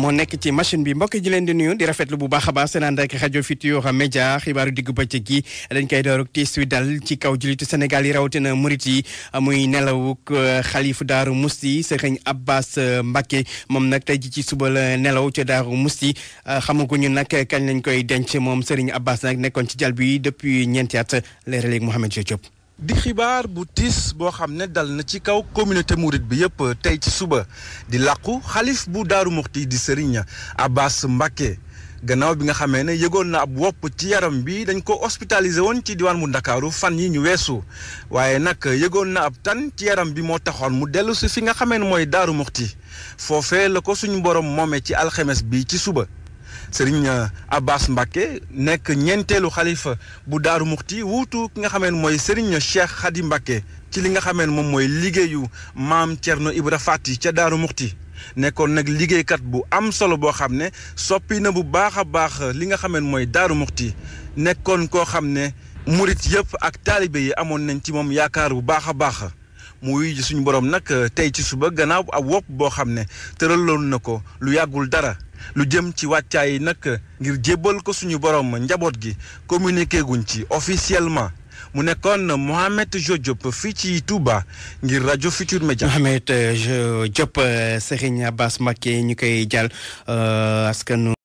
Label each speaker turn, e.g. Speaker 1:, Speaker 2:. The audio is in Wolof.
Speaker 1: moo nekk ci machine bi mbokk ji leen di nuyu di rafetlu bu baax a baax seen ànd ak rajo Futurs Médias xibaaru diggu bëccëg dañ koy door ak tiis wi dal ci kaw jullitu Sénégal yi rawatina murit yi muy nelawuk euh, xalifu Daaru Musti Sëriñ Abbas euh, Mbacke moom nag tey ji ci suba la nelaw ca Daaru Musti euh, xamaguñu nag kañ lañ koy denc moom Sëriñ Abbas nag nekkoon ci jal bi depuis ñeenti at leeral léegi Mouhamed Diop
Speaker 2: di xibaar bu tiis boo xam ne dal na ci kaw communauté mouride bi yëpp tey ci suba di làqu xalif bu Daaru Muxti di Serigne Abbas Mbacké gannaaw bi nga xamee ne yëgoon na ab wopp ci yaram bi dañ ko hospitalisé woon ci diwaan bu ndakaaru fan yi ñu weesu waaye nag yëgoon na ab tan ci yaram bi moo taxoon mu dellu si fi nga xamee ne mooy Daaru Muxti foofee la ko suñu borom moome ci alxemes bi ci suba sëriñ euh, Abbas Mbacke nekk ñeenteelu xalifa bu Daaru Muxti wuutu ki nga xamee mooy sëriñ Cheikh Khady Mbacke ci li nga xamee moom mooy liggéeyu maam Thierno Ibra Fati ca Daaru Muxti nekkoon nag liggéeykat bu am solo boo xam ne soppi na bu baax a baax li nga xamee mooy Daaru Muxti nekkoon koo xam ne murit yëpp ak taalibe yi amoon nañ ci moom yaakaar bu baax a baax mu wuyu ji suñu borom nag euh, tey ci suba gannaaw ab wopp boo xam ne tëraloon na ko lu yàggul dara lu jëm ci wàccaay yi nag ngir jébbal ko suñu borom njaboot gi communiqué guñ ci officiellement mu nekkoon Mohamed Diop fii ci Touba
Speaker 1: ngir rajo ci Media. Mohamed euh, Diop euh, Serigne Abbas Mbacké ñu koy jàll euh, askanu.